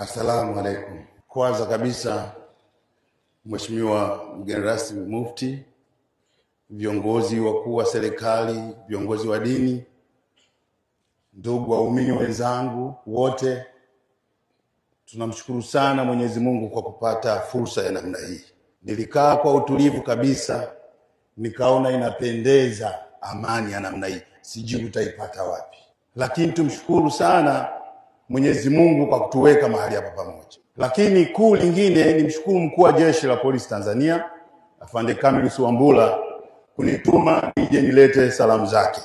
Assalamu alaikum. Kwanza kabisa, Mheshimiwa mgeni rasmi, Mufti, viongozi wakuu wa serikali, viongozi wa dini, ndugu waumini wenzangu wote, tunamshukuru sana Mwenyezi Mungu kwa kupata fursa ya namna hii. Nilikaa kwa utulivu kabisa, nikaona inapendeza amani ya namna hii, sijui utaipata wapi, lakini tumshukuru sana Mwenyezi Mungu kwa kutuweka mahali hapa pamoja. Lakini kuu lingine ni mshukuru mkuu wa jeshi la polisi Tanzania afande Camillus Wambura kunituma nije nilete salamu zake,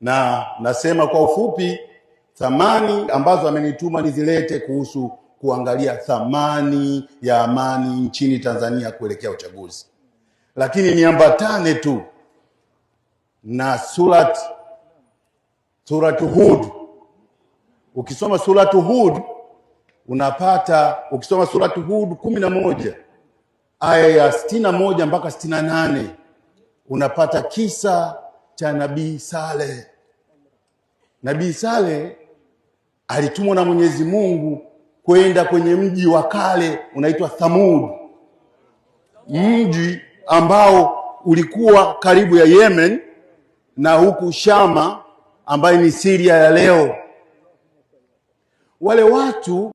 na nasema kwa ufupi thamani ambazo amenituma nizilete kuhusu kuangalia thamani ya amani nchini Tanzania kuelekea uchaguzi, lakini niambatane tu na surat suratu Hud Ukisoma suratu Hud unapata, ukisoma suratu Hud kumi na moja aya ya sitini na moja mpaka sitini na nane unapata kisa cha nabii Saleh. Nabii Saleh alitumwa na Mwenyezi Mungu kwenda kwenye mji wa kale unaitwa Thamud, mji ambao ulikuwa karibu ya Yemen na huku Shama ambaye ni Siria ya leo wale watu